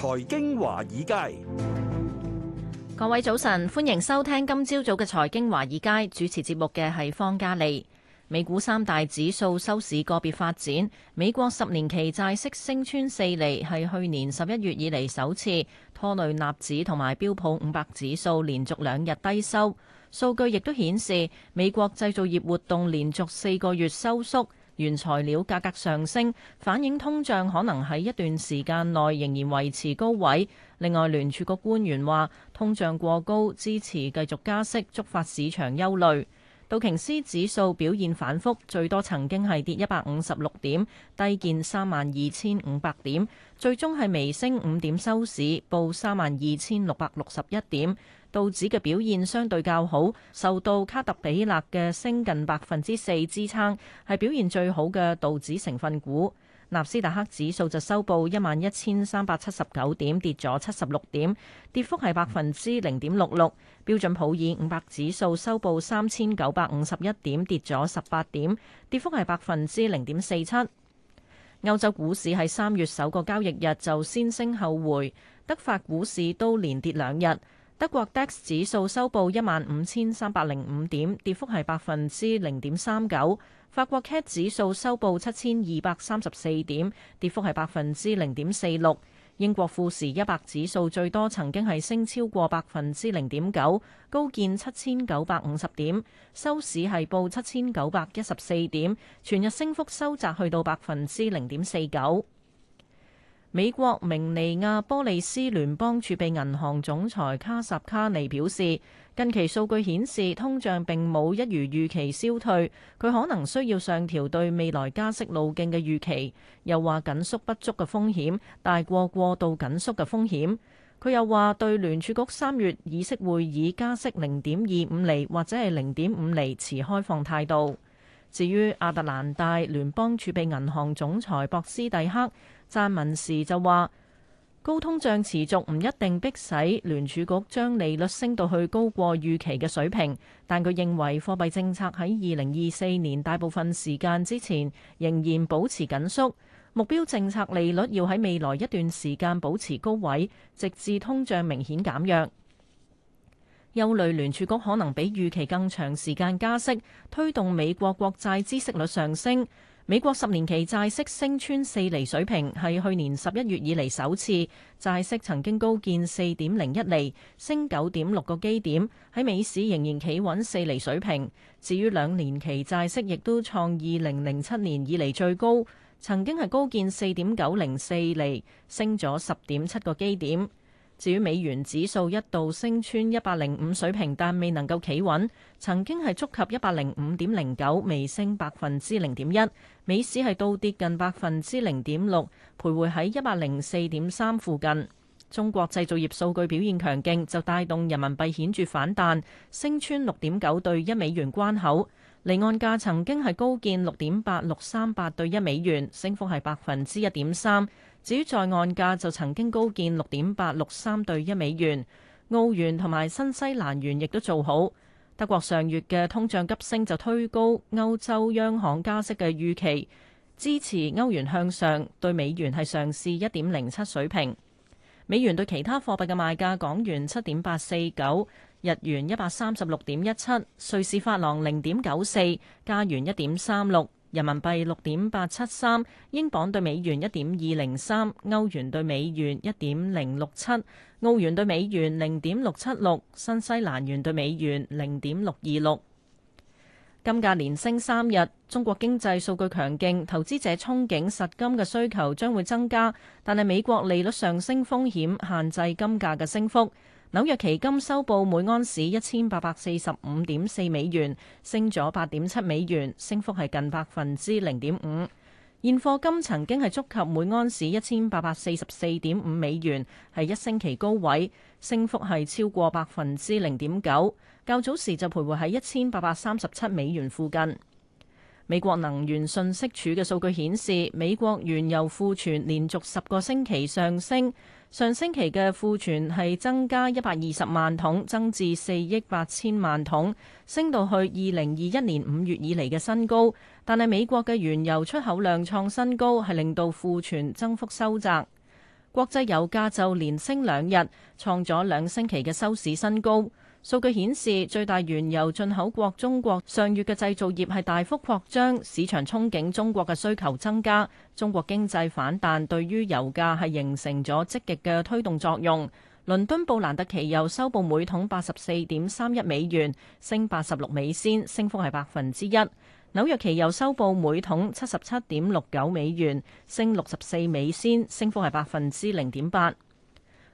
財經華爾街，各位早晨，歡迎收聽今朝早嘅財經華爾街，主持節目嘅係方嘉利。美股三大指數收市個別發展，美國十年期債息升穿四厘，係去年十一月以嚟首次，拖累納指同埋標普五百指數連續兩日低收。數據亦都顯示，美國製造業活動連續四個月收縮。原材料價格上升，反映通脹可能喺一段時間內仍然維持高位。另外，聯儲局官員話通脹過高，支持繼續加息，觸發市場憂慮。道瓊斯指數表現反覆，最多曾經係跌一百五十六點，低見三萬二千五百點，最終係微升五點收市，報三萬二千六百六十一點。道指嘅表現相對較好，受到卡特比勒嘅升近百分之四支撐，係表現最好嘅道指成分股。納斯達克指數就收報一萬一千三百七十九點，跌咗七十六點，跌幅係百分之零點六六。標準普爾五百指數收報三千九百五十一點，跌咗十八點，跌幅係百分之零點四七。歐洲股市喺三月首個交易日就先升後回，德法股市都連跌兩日。德國 DAX 指數收報一萬五千三百零五點，跌幅係百分之零點三九。法國 CAC 指數收報七千二百三十四點，跌幅係百分之零點四六。英國富時一百指數最多曾經係升超過百分之零點九，高見七千九百五十點，收市係報七千九百一十四點，全日升幅收窄去到百分之零點四九。美國明尼阿波利斯聯邦儲備銀行總裁卡薩卡尼表示，近期數據顯示通脹並冇一如預期消退，佢可能需要上調對未來加息路徑嘅預期。又話緊縮不足嘅風險大過過度緊縮嘅風險。佢又話對聯儲局三月議息會議加息零點二五厘或者係零點五厘持開放態度。至於亞特蘭大聯邦儲備銀行總裁博斯蒂克撰文時就話：高通脹持續唔一定迫使聯儲局將利率升到去高過預期嘅水平，但佢認為貨幣政策喺二零二四年大部分時間之前仍然保持緊縮，目標政策利率要喺未來一段時間保持高位，直至通脹明顯減弱。憂慮聯儲局可能比預期更長時間加息，推動美國國債孳息率上升。美國十年期債息升穿四厘水平，係去年十一月以嚟首次。債息曾經高見四點零一厘，升九點六個基點，喺美市仍然企穩四厘水平。至於兩年期債息亦都創二零零七年以嚟最高，曾經係高見四點九零四厘，升咗十點七個基點。至於美元指數一度升穿一百零五水平，但未能夠企穩，曾經係觸及一百零五點零九，微升百分之零點一。美市係倒跌近百分之零點六，徘徊喺一百零四點三附近。中國製造業數據表現強勁，就帶動人民幣顯著反彈，升穿六點九對一美元關口。離岸價曾經係高見六點八六三八對一美元，升幅係百分之一點三。至於在岸價就曾經高見六點八六三對一美元。澳元同埋新西蘭元亦都做好。德國上月嘅通脹急升就推高歐洲央行加息嘅預期，支持歐元向上，對美元係上試一點零七水平。美元對其他貨幣嘅賣價，港元七點八四九。日元一百三十六點一七，瑞士法郎零點九四，加元一點三六，人民幣六點八七三，英鎊兌美元一點二零三，歐元兌美元一點零六七，澳元兌美元零點六七六，新西蘭元兌美元零點六二六。金價連升三日，中國經濟數據強勁，投資者憧憬實金嘅需求將會增加，但係美國利率上升風險限制金價嘅升幅。紐約期金收報每安士一千八百四十五點四美元，升咗八點七美元，升幅係近百分之零點五。現貨金曾經係觸及每安士一千八百四十四點五美元，係一星期高位，升幅係超過百分之零點九。較早時就徘徊喺一千八百三十七美元附近。美國能源信息署嘅數據顯示，美國原油庫存連續十個星期上升。上星期嘅庫存係增加一百二十萬桶，增至四億八千萬桶，升到去二零二一年五月以嚟嘅新高。但係美國嘅原油出口量創新高，係令到庫存增幅收窄。國際油價就連升兩日，創咗兩星期嘅收市新高。數據顯示，最大原油進口國中國上月嘅製造業係大幅擴張，市場憧憬中國嘅需求增加，中國經濟反彈對於油價係形成咗積極嘅推動作用。倫敦布蘭特期油收報每桶八十四點三一美元，升八十六美仙，升幅係百分之一。紐約期油收報每桶七十七點六九美元，升六十四美仙，升幅係百分之零點八。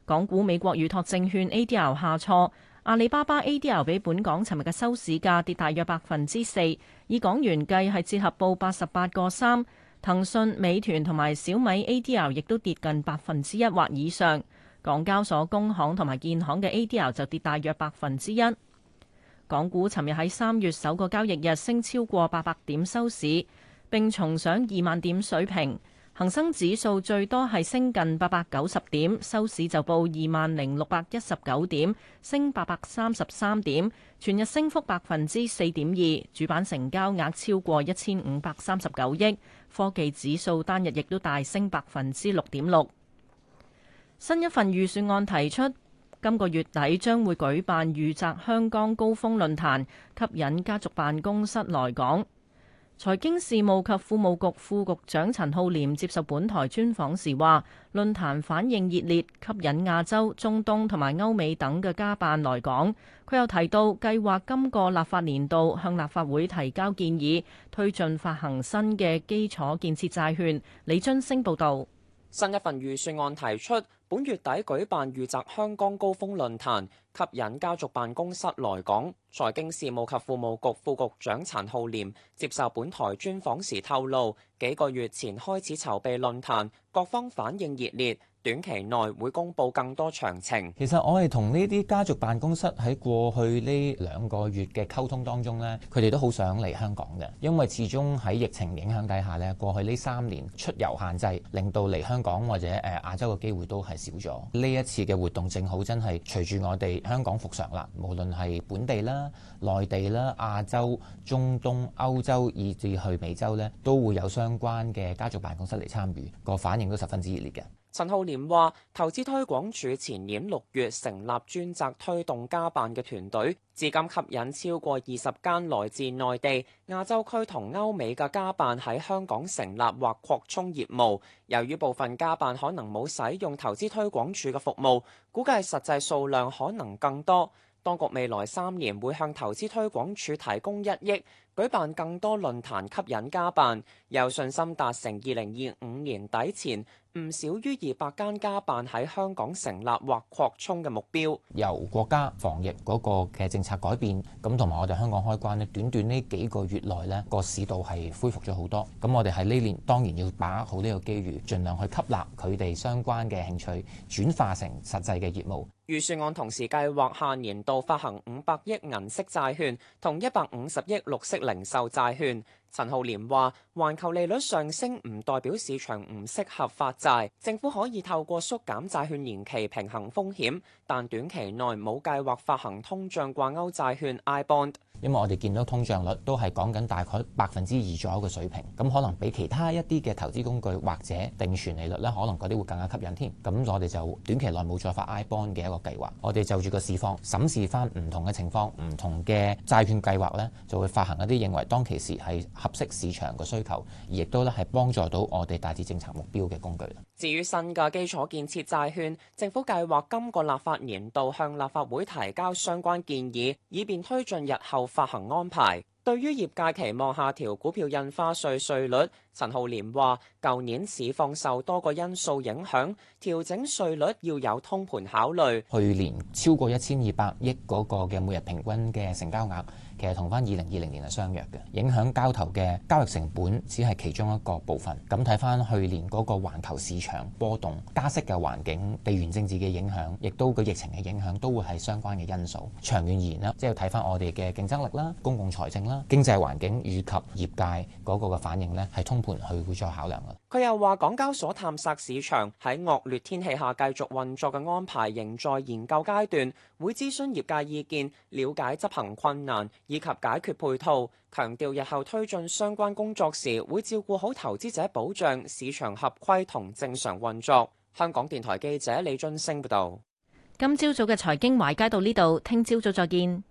港股美國預託證券 ADR 下挫。阿里巴巴 ADR 比本港尋日嘅收市價跌大約百分之四，以港元計係折合報八十八個三。騰訊、美團同埋小米 ADR 亦都跌近百分之一或以上。港交所工行同埋建行嘅 ADR 就跌大約百分之一。港股尋日喺三月首個交易日升超過八百點收市，並重上二萬點水平。恒生指數最多係升近八百九十點，收市就報二萬零六百一十九點，升八百三十三點，全日升幅百分之四點二，主板成交額超過一千五百三十九億。科技指數單日亦都大升百分之六點六。新一份預算案提出，今個月底將會舉辦裕澤香港高峰論壇，吸引家族辦公室來港。財經事務及庫務局副局長陳浩廉接受本台專訪時話，論壇反應熱烈，吸引亞洲、中東同埋歐美等嘅家辦來港。佢又提到，計劃今個立法年度向立法會提交建議，推進發行新嘅基礎建設債券。李津升報道，新一份預算案提出。本月底舉辦裕澤香港高峰論壇，吸引家族辦公室來港。財經事務及庫務局副局長陳浩濂接受本台專訪時透露，幾個月前開始籌備論壇，各方反應熱烈，短期內會公布更多詳情。其實我哋同呢啲家族辦公室喺過去呢兩個月嘅溝通當中咧，佢哋都好想嚟香港嘅，因為始終喺疫情影響底下咧，過去呢三年出遊限制，令到嚟香港或者誒亞洲嘅機會都係。少咗呢一次嘅活動，正好真係隨住我哋香港復常啦。無論係本地啦、內地啦、亞洲、中東、歐洲以至去美洲咧，都會有相關嘅家族辦公室嚟參與，個反應都十分之熱烈嘅。陳浩濂話，投資推廣署前年六月成立專責推動家辦嘅團隊，至今吸引超過二十間來自內地、亞洲區同歐美嘅家辦喺香港成立或擴充業務。由於部分家辦可能冇使用投資推廣署嘅服務，估計實際數量可能更多。當局未來三年會向投資推廣署提供一億，舉辦更多論壇，吸引家辦，有信心達成二零二五年底前，唔少於二百間家辦喺香港成立或擴充嘅目標，由國家防疫嗰個嘅政策改變，咁同埋我哋香港開關呢，短短呢幾個月內呢，個市道係恢復咗好多。咁我哋喺呢年當然要把握好呢個機遇，儘量去吸納佢哋相關嘅興趣，轉化成實際嘅業務。預算案同時計劃下年度發行五百億銀色債券，同一百五十億綠色零售債券。陳浩廉話：環球利率上升唔代表市場唔適合發債，政府可以透過縮減債券年期平衡風險，但短期內冇計劃發行通脹掛鈎債券 i bond。因為我哋見到通脹率都係講緊大概百分之二左右嘅水平，咁可能比其他一啲嘅投資工具或者定存利率咧，可能嗰啲會更加吸引添。咁我哋就短期內冇再發 i bond 嘅一個計劃，我哋就住個市況審視翻唔同嘅情況，唔同嘅債券計劃咧，就會發行一啲認為當其時係。合適市場嘅需求，亦都咧係幫助到我哋達至政策目標嘅工具。至於新嘅基礎建設債券，政府計劃今個立法年度向立法會提交相關建議，以便推進日後發行安排。對於業界期望下調股票印花稅稅率，陳浩濂話舊年市況受多個因素影響，調整稅率要有通盤考慮，去年超過一千二百億嗰個嘅每日平均嘅成交額。其實同翻二零二零年係相若嘅，影響交投嘅交易成本只係其中一個部分。咁睇翻去年嗰個環球市場波動、加息嘅環境、地緣政治嘅影響，亦都個疫情嘅影響，都會係相關嘅因素。長遠而言啦，即係要睇翻我哋嘅競爭力啦、公共財政啦、經濟環境以及業界嗰個嘅反應咧，係通盤去會再考量嘅。佢又話：港交所探索市場喺惡劣天氣下繼續運作嘅安排仍在研究階段，會諮詢業界意見，了解執行困難。以及解決配套，強調日後推進相關工作時，會照顧好投資者保障、市場合規同正常運作。香港電台記者李俊升報道：「今朝早嘅財經華爾街到呢度，聽朝早，早再見。